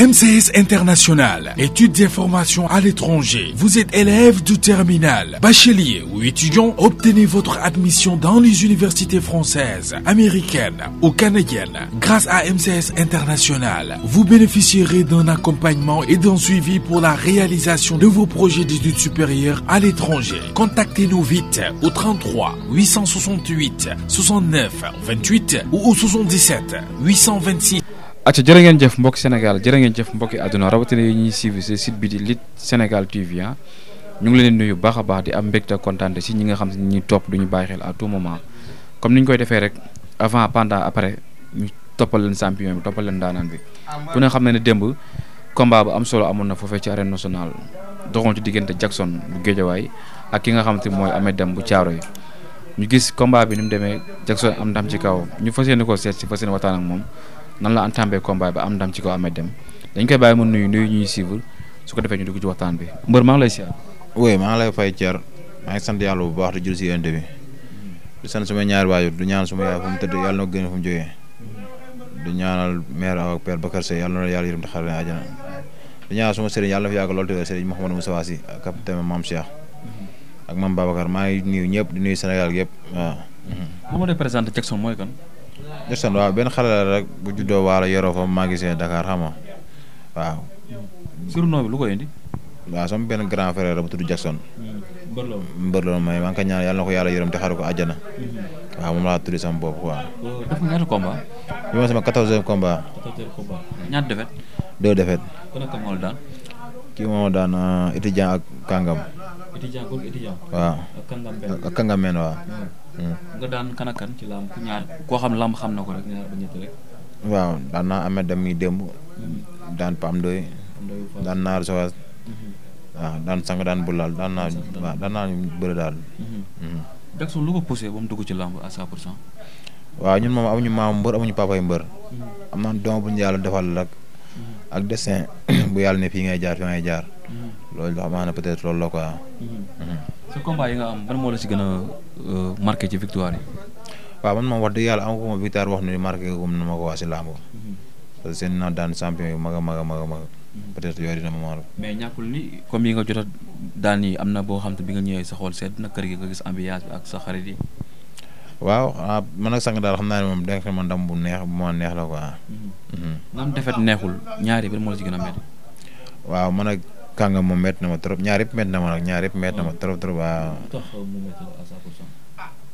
MCS International, études d'information à l'étranger. Vous êtes élève du terminal, bachelier ou étudiant, obtenez votre admission dans les universités françaises, américaines ou canadiennes. Grâce à MCS International, vous bénéficierez d'un accompagnement et d'un suivi pour la réalisation de vos projets d'études supérieures à l'étranger. Contactez-nous vite au 33 868 69 28 ou au 77 826 acca jërë ngeen jëf mbokki Sénégal jërë ngeen jëf mbokki àdduna rawatina yi ñuy suivre ci site bi di Lutte Sénégal TV ah. ñu ngi leen nuyu baax a baax di am mbégte kontaante ci ñi nga xam ne ñuy topp duñu bàyyi xel à tout moment comme ni ñu koy defee rek avant pendant après ñu toppal leen bi toppal leen daanaan bi ku xam ne ne demb combat bu am solo amoon na foofee ci arène nationale doxoon ci diggante Jackson bu Géejawaay ak ki nga xam te mooy amee dem bu Caaro yi ñu gis combat bi ni mu demee Jackson am ndam ci kaw ñu fas yéene ko seet ci fas yéene waxtaan moom nan la entambe combat ba am dam ci ko amé dem dañ koy bàyyi mu nuyu nuyu ñuy civil su ko defee ñu dugg ci waxtaan bi mbeur ma lay siyaar oui ma lay fay ciar ma ngi sant yalla bu baax du jul ci yonte bi du sant suma ñaar wayu du ñaan suma yaa fu mu tedd yalla no ko gën fu mu jógee du ñaanal maire ak père bakkar Sey yalla no yalla yërm taxal na aljana du ñaan suma sëriñ yalla na fi yàgg lool tëdd sëriñ mohammed Moussa wasi ak capitaine mam Cheikh ak mam babakar ma ngi nuyu ñëpp di nuyu Sénégal yëpp waaw. bu ma dee présenté Jackson mooy kan. Jackson waaw benn xale la rek bu juddoo waalo yoroo fa magasin Dakar xam nga benn grand frère la bu Jackson. Mm-hmm. mbërloom may maa ngi koy na ko yàlla yërëm te xaru ko àjjana. Mm-hmm. waaw moom oh, ma sama quatorzième combat. quatorzième combat defet. deux defet. daan. kii moo euh, ak kàngam. ak kàngam benn nga daan kan ak kan ci lamb ñaar koo xam lamb xam na ko rek ñaar ba ñett rek waaw daan hmm. dan amee dem yi démb daan pam doy daan naar sowas waaw hmm. ah, daan sang daan bulal daan naa waaw daan naa ñu bëri daal Jackson lu ko bom ba mu dugg ci lamb à 100 pour cent waaw ñun moom amuñu maamu mbër amuñu papay mbër hmm. am naa doom bu ñu yàlla defal rek ak dessin bu yàlla ne fii ngay jaar fi ngay jaar loolu xam naa peut-être la quoi sa combat yi nga am ban moo la si gën a euh, marqué ci victoire yi. waaw man moom wax dëgg yàlla amaguma victoire wax nu marqué ko ni ma ko waxee si làmb. na daan champion yu mag a a mag a mag peut-être ma mar. mais ñàkkul ni comme yi nga jot a daan am na boo xam te bi nga ñëwee sa xool sedd na kër gi nga gis ambiance bi ak sa xarit yi. waaw ah man ak sang daal xam naa ne moom dégg man dam bu neex bu ma neex la quoi. nga am mhm. mhm. neexul ñaari ban moo la a waaw man ak kàngam moom métti na ma trop ñaari yëpp métti na ma nag ñaar yëpp métti na ma trop trop waaw.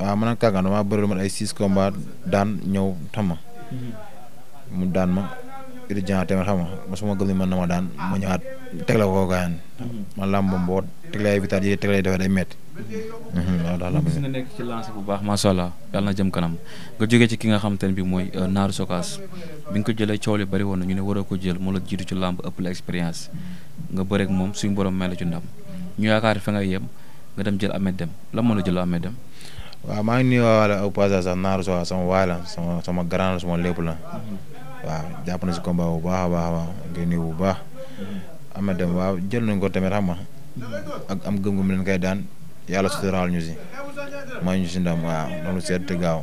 waaw man ak kàngam damaa bëri lu man ay six combats daan ñëw xam ma mhm. mu daan ma urgent tamit xam ma mosuma gëm ni mën na ma daan ma ñëwaat tegle ko koo gaañ. Mhm. man làmb boo tegle ay vitale yi tegle ay defee day métti. Mhm, waaw daal gis nga bu baax macha allah yàlla na jëm kanam nga jógee ci ki nga xamante ne bi mooy euh, Naaru Sokaas bi nga ko jëlee coow li bari woon na ñu ne waroo ko jël moo la jiitu ci làmb ëpp la expérience nga bëreeg moom suñu borom mel ci ndam ñu yaakaar fa nga yem nga dem jël Ameth Dème lan la jël Ameth Dème. waaw maa ngi nuyuwaale au passage sax Naaru Sokaas sama waay la sama sama grand la la mhm. waaw jàpp na si combat bu baax a baax waaw ngay nuyu bu baax mhm. Ameth Dème waaw jël nañ ko tamit xam nga ak am gëm-gëm leen koy daan yàlla suturaal ñu si mooy ñu si ndam waaw loolu seet te gaaw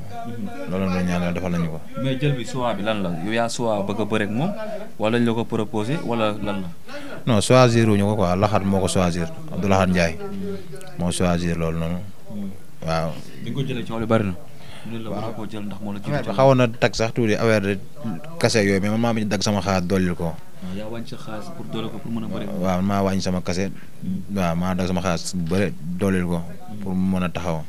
loolu la ñaanal defal nañu ko. mais jël bi choix lan la yow yaa choix bëgg a bëre ak wala ñu la ko proposé wala lan la. non wuñu ko quoi laxaat moo ko choisir Abdou Lahat Ndiaye moo choisir loolu noonu hmm. waaw. di ko jëlee coow li bari na. waaw ko jël ndax moo la. xawoon na tag sax tuuti affaire de kase yooyu mais man maa ngi dagg sama xaar dollil ko. waaw yaa wàññi xaalis pour mën a bëri. waaw maa wàññi sama kase. waaw maa dagg sama xaalis bu bëri dooleel ko. pour mu mën a taxaw.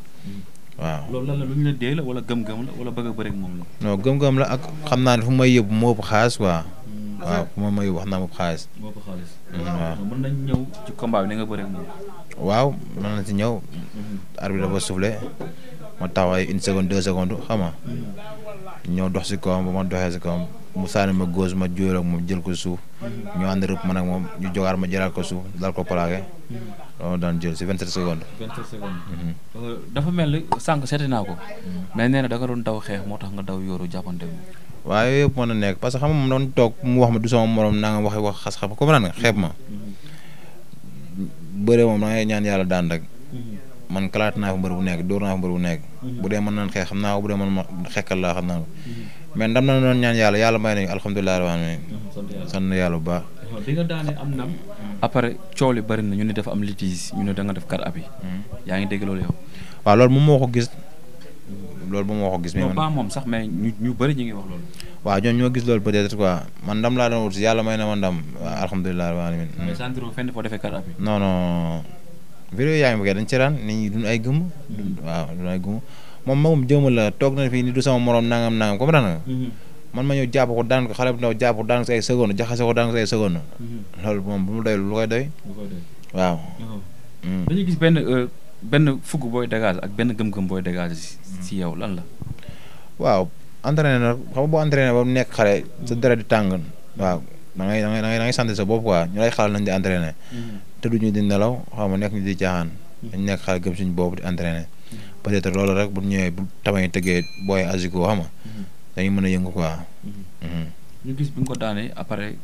waaw loolu la lu ñu la dee la wala gëm la wala bëgg a moom la. non gëm ak xam naa ne fu may yóbbu moo ëpp xaalis quoi. Mm. fu may yóbbu wax naa moom xaalis. moo ëpp xaalis. Mm, ah, mën nañ ñëw ci combat nga bëri ak waaw mën nañ ci ñëw. Mm-hmm. arbitre dafa soufflé ma taxaw ay une seconde deux secondes xam nga mm. ñëw dox si kawam ba ma doxee si kawam mu saani ma goos ma joor ak moom jël ko suuf ñu and rep man ak mom ñu jogar ma jëral ko suuf dal ko plaqué do daan jël ci 27 secondes. 27 secondes. Mhm. Euh, dafa mel sank sànq seeti ko. mais néna da nga doon daw xex motax nga daw yoru jappante bi. waye yëpp mën na nekk parce que xam mom moom doon mu wax ma du sama morom na nga waxe wax xass xam ko man nga xeeb ma. Mhm. bëre mom da ngay ñaan yalla daan rek. Mhm. man klaat na fa mbër bu nekk door na fa mbër bu nekk. bu dé man naan xex xam na bu dé man ma la xam na mais ndam na noonu ñaan yàlla yàlla may nañu alhamdulilah rabbil alamin sant yàlla bu baax. bi nga daanee am ndam. après coow li bari na ñu ne dafa am litige ñu ne da nga def kat ab yi. yaa ngi dégg loolu yow. waaw loolu moom moo ko gis. loolu moom moo ko gis. mais man moom sax mais ñu ñu bari ñu ngi wax loolu. waaw ñoom ñoo gis loolu peut-être quoi man ndam laa doon wut si yàlla may na ma ndam waaw alhamdulilah rabbil alamin. Hmm. mais sant yow fenn foo defee kat ab yi. non non vidéo yaa ngi bëggee dañ ci raan nit ñi duñ ay gëmm. Hmm. waaw duñ ay gëmm. moom magum jëmm la toog na fii ni du sama morom nangam nangam comprendre nga. Mhm. man ma ñëw jàpp ko daan ko xale bu ndaw jàpp ko daan ko si ay seconde jaxase ko daan ko si ay seconde. Mhm. loolu moom mu doy lu koy waaw. Mm. dañuy gis benn euh, benn fukk booy dégage ak benn gëm-gëm booy dégage si yow lan la. waaw entraîné na xam nga boo entraîné ba nekk xale sa deret di tàng. waaw da ngay da ngay da ngay sant sa bopp quoi ñu lay nañ di entraîné. Mhm. te duñu di xaw ma nekk ñu di caaxaan. dañ nekk xale gëm suñu bopp di entraîné. peut être loolu rek bu nu ñëwee bu tamay tegee booy aziko xam nga mhm. dañu mën a yëngu quoi. Mhm. Mhm. ñu gis bi nga ko daanee après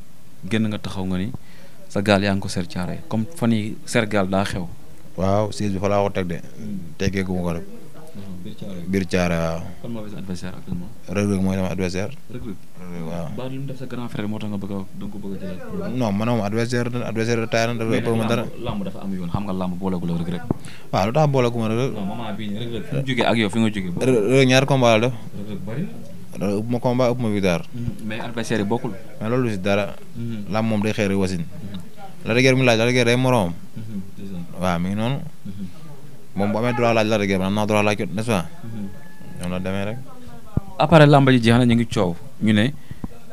génn nga taxaw nga ni sa gaal yaa ngi ko ser caare comme fan yi ser gaal daa xew. waaw siis bi fa laa ko teg de teggee gu ma ko rek. biir Thiaroye waaw. kon moo fi sa adversaire actuellement. Reug Reug mooy sama adversaire. Reug Reug waaw. ba li mu def sa grand frère moo tax nga bëgg a da nga ko bëgg a jëlaat. non man moom adversaire adversaire taay na Reug Reug boobu dara. lamb dafa am yoon xam nga lamb boolagul Reug Reug. waaw lu tax boolaguma Reug Reug. non moment bii nii Reug Reug fi mu jógee ak yow fi nga jógee. Reug Reug ñaar combat la def. Reug Reug bari ëpp ma combat ëpp ma victoire. mais adversaire yi bokkul. mais loolu si dara. Mm-hmm. lamb moom day xeeri wasin. la dëgër mi laaj la dëgër day moroom. Mm-hmm. waaw mi ngi noonu mom bu amé droit laaj la régué man na droit laaj n'est-ce pas. ñoo la démé rek. après lamba ji jeex ñi ngi ciow ñu né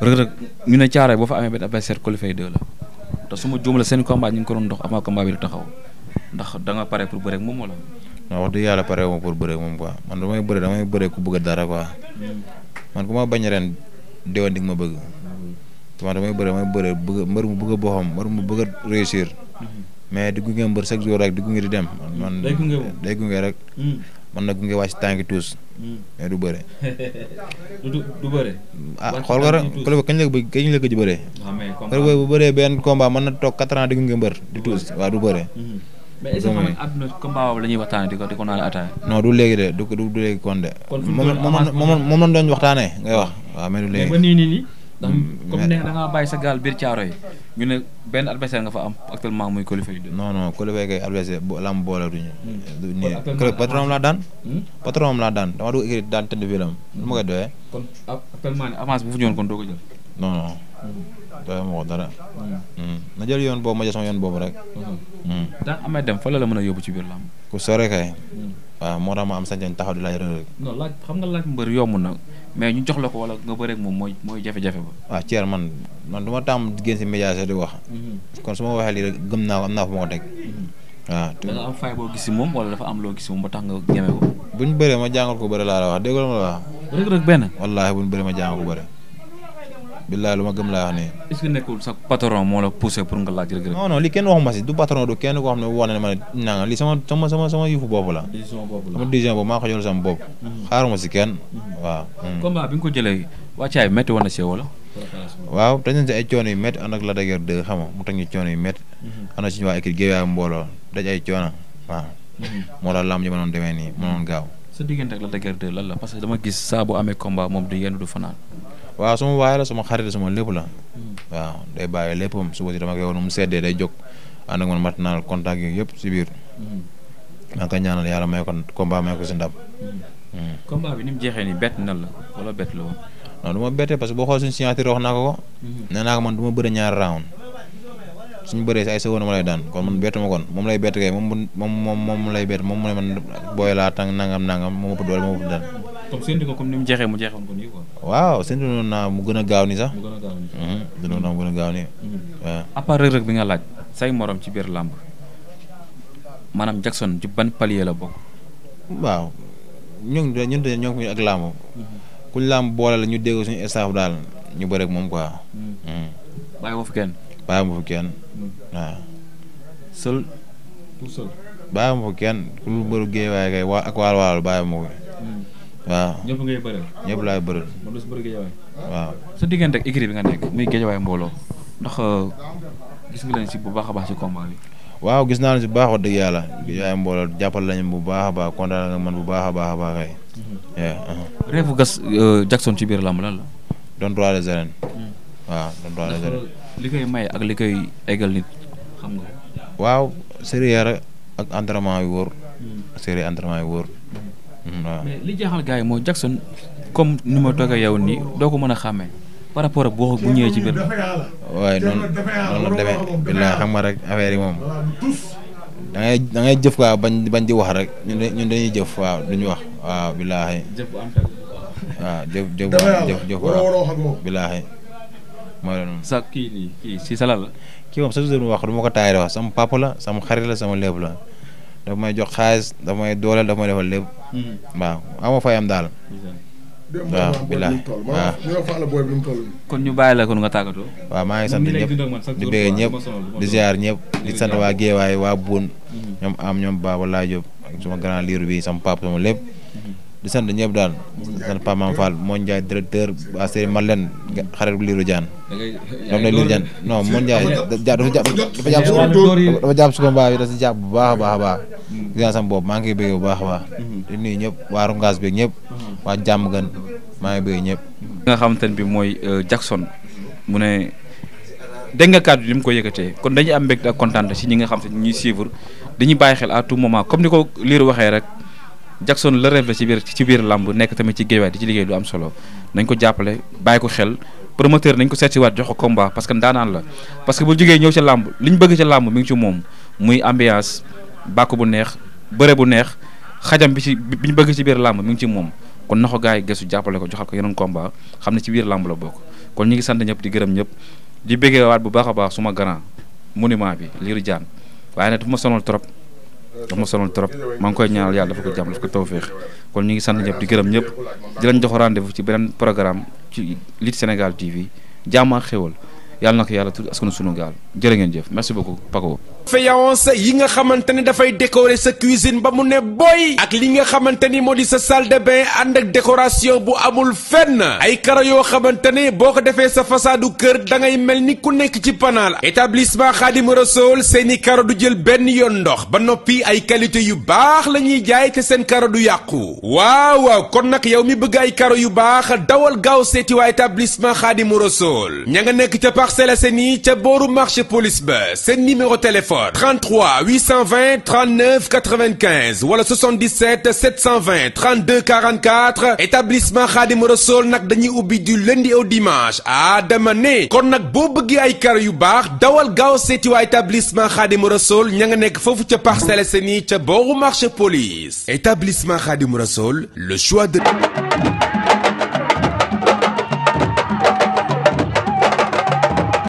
rek rek ñu né caare boo fa amee benn adversaire qualifié deux la te su ma juum la seen combat ñi ngi ko doon dox avant combat bi lu taxaw ndax da nga paré pour bëre ak moom wala. na wax du yalla paré mo pour bëre mom quoi man dama bëre dama bëre ku bëgg dara quoi man kuma bañ ren déwon di ma bëgg. dama dama damay bëre damay bëre bëgg mbër mu bëgg bo xam mbër mu bëgg réussir mais di gungé mbeur chaque jour rek di gungé di dem. man day gungé day gungé rek. Hmm. man nag gungé wacc tangi tous hmm. mais du beuré du du beuré ah xol nga rek kagn la bëgg kagn la ko beuré bëree. waaw ah, bu beuré ben combat man na tok 4 ans di gungé mbeur di tous wa du beuré hmm. mais est-ce que xam nga combat wala ñuy di ko di ko non du légui de du du légui kon de. mom mom mom moom doñ waxtaanee ngay wax. wa mais du légui mais ba ni ni ndax hmm. comme neex da ngaa bàyyi sa gaal biir caaro ñu ne benn adversaire nga fa am actuellement muy Coly Faye non non Coly Faye adversaire bo lamb boole duñu ne patron am laa hmm? patron am laa dama dugg écrit daan tëdd bi lu hmm. ma koy kon actuellement avance bu fu kon ko jël non non na jël yoon ma jël sama yoon boobu rek Dan amee dem fa la la mën a ci biir lamb ku sore kay waaw moo tax am sañ taxaw di laaj rek non laaj xam nga laaj mais ñu jox la ko wala nga bëreeg moom mooy mooy jafe-jafe ba. waaw Thierno man man du ma tàmm génn si média di wax. Mm-hmm. kon su ma waxee lii rek gëm naa ko am naa fu ma ko teg. Mm-hmm. waaw da am fay boo gis si moom wala dafa am loo gis si moom ba tax nga ñeme ko. bu ñu bëree ma jàngal ko bëri laa la wax dégg nga ma la wax. rëg rëg benn. wallaahi bu ñu bëree ma jàngal ko bëri. billaay lu ma gëm laa wax nii. est patron moo la poussé pour nga laaj rek. non non li kenn waxuma si du patron du kenn koo xam ne wax ne li sama sama sama sama yëfu la. décision bopp la sama décision boobu maa ko mhm. mhm. mm. ko jëlee wàccaay métti woon na si wala. ay coono yu métti ànd ak la dëgër de xam mu teg ñu yu métti. ànd si ñu waa équipe Guédiawaye mbooloo daj ay coono waaw. Mhm. moo demee nii mënoon gaaw. sa diggante ak la dëgër de lan la parce que dama gis saa bu amee combat moom du yenn du fanaan wa suma waay la suma xarit la lepp hmm. la wa ya, day baye leppum suba si dama koy wonum mu day jog and ak man matnal contact yi yëpp ci biir hmm. ma ngi ñaanal yalla may ko combat may ko ci ndab combat hmm. bi ni mu jeexee nii na la wala bet lo non duma ma parce que bo xol suñu signature wax nako ko né nako man duma bëre ñaar round suñu bëre si ay sa wonuma lay daan kon man bett ma kon mom lay bett kay mom mom mom lay bett mom mu man boy la tang nangam nangam mom ko doole mom ëpp daan. comme séntu nga comme ni mu jeexee mu jeexoon ko nii quoi. waaw séntu noonu naa mu gën a sax. mu gën a gaaw nii. dina hmm, naa mu gën a gaaw nii. waaw hmm. à part Reug bi nga laaj say morom ci biir làmb maanaam Jackson ci ban palier la bokk. waaw ñun de ñun de ñoo hmm. boole la ñu dégg suñu staff ñu bëri moom quoi. bàyyi woo fi kenn. bàyyi kenn waaw. seul. tout seul. bàyyi ku lu mbëru géewaay kay waa ak waal waal waaw ñëpp ngay bëreel ñëpp laay bëreel ma dus bëri géejawaay waaw sa diggante ak écurie bi nga nekk muy géejawaay mbooloo ndax euh, gis nga leen si bu baax a baax si combat bi waaw gis naa ne si bu baax wax dëgg yàlla géejawaay mbooloo jàppal lañu bu baax a baax kontaan nga man bu baax a baax a baax kay mhm. uh-huh. gas euh, Jackson ci biir làmb lan la doon roi des arènes mhm. waaw doon roi des arènes euh, li koy may ak li koy eggal nit xam nga waaw sérieux rek ak entraînement yu wóor mhm. sérieux entraînement yu wóor mais li jaaxal gars yi mooy Jackson comme ni ma toogee yow nii doo ko mën a xàmmee par rapport ak boo bu ñëwee ci biir la. waaye noonu noonu la demee billaay xam nga rek affaire yi moom da ngay da ngay jëf quoi bañ bañ di wax rek ñun ñun dañuy jëf waaw duñu wax waaw billaay. jëf bu am xel. waaw jëf jëf jëf jëf waaw billaay. mooy la noonu sa kii nii kii si salal la. kii moom sa jour wax du ma ko taayee wax sama papa la sama xarit la sama léeb la. daf may jox xaalis daf may dooleel daf may defal lépp. waaw ama fayam daal. waaw bilaay waaw kon ñu bàyyi la kon nga tàggatoo. waaw maa ngi sant ñëpp di bëgg ñëpp di ziar ñëpp di sant waa Géewaay waa Buun. ñoom am ñoom ba laa Diop ak suma grand lire bi sama papa sama lépp. di sant ñëpp daal di sant Pape Mame Fall Mon Ndiaye directeur ba Serigne Malen xarit bu Lirou Diane. lay ngay loolu non Mon Ndiaye dafa jàpp dafa jàpp su ko dafa jàpp su ko bi dafa jàpp bu baax a baax a baax. gaasam boobu maa ngi koy bëgg bu a baax. Mhm. di nuyu ñëpp waa mhm. jàmm gan maa ngi bëgg ñëpp. nga xamante ne bi mooy euh, Jackson mu ne dégg nga kàddu yi ni mu ko yëkkatee kon dañuy am mbégte ak kontaan si ñi nga xam te ñuy suivre dañuy bàyyi xel à tout moment comme ni ko liir waxee rek Jackson la rêve la ci biir ci nekk tamit ci géewaay di ci liggéey lu am solo nañ ko jàppale bàyyi ko xel. promoteur nañ ko seet si waat jox ko combat parce que ndaanaan la parce que bu jógee ñëw ca làmb li bëgg ca làmb mi ngi ci moom bu neex bëré bu neex xajam bi ci bi bëgg ci biir lamb mi ngi ci moom kon naxo gaay gars yi jàppale ko joxal ko yeneen combat xam ne ci biir lamb la bokk kon ñu ngi sant ñëpp di gërëm ñëpp di bëggee waat bu baax a baax suma grand monument bi liru jaan waaye nag dafa ma sonal trop dafa ma sonal trop maa ngi koy ñaanal yàlla dafa ko jàmm dafa ko tawféex kon ñu ngi sant ñëpp di gërëm ñëpp di leen jox rendez-vous ci beneen programme ci lit Sénégal TV jàmm ak xéwal yàlla na ko yàlla tur askanu sunu gaal jërë ngeen jëf merci beaucoup pako faïence yi nga xamante ni dafay décorer sa cuisine ba mu ne boy ak li nga xamante ni moo di sa salle ànd ak décoration bu amul fenn ay karo yoo xamante ni boo ko defee sa façadu kër da ngay mel ni ku nekk ci panaal établissement Khadim Rassoul seeni karo du jël benn yoon ndox ba noppi ay qualité yu baax la ñuy jaay te seen karo du yàqu waaw waaw kon nag yow mi bëgg ay karo yu baax dawal gaaw seeti waa établissement Khadim Rassoul ña nga nekk ca Parcelles Assainies ca booru marché police ba seen numéro téléphone 33 820 39 95 wala 77 720 32 44 établissement Khadim Rassoul nak dañuy ubi du lundi au dimanche à dama ne kon nak bo bëggee ay kar yu bax dawal gaaw séti wa établissement Khadim Rassoul ña nga nekk foofu ca Parcelles Assainies ci booru marché police établissement Khadim Rassoul le choix de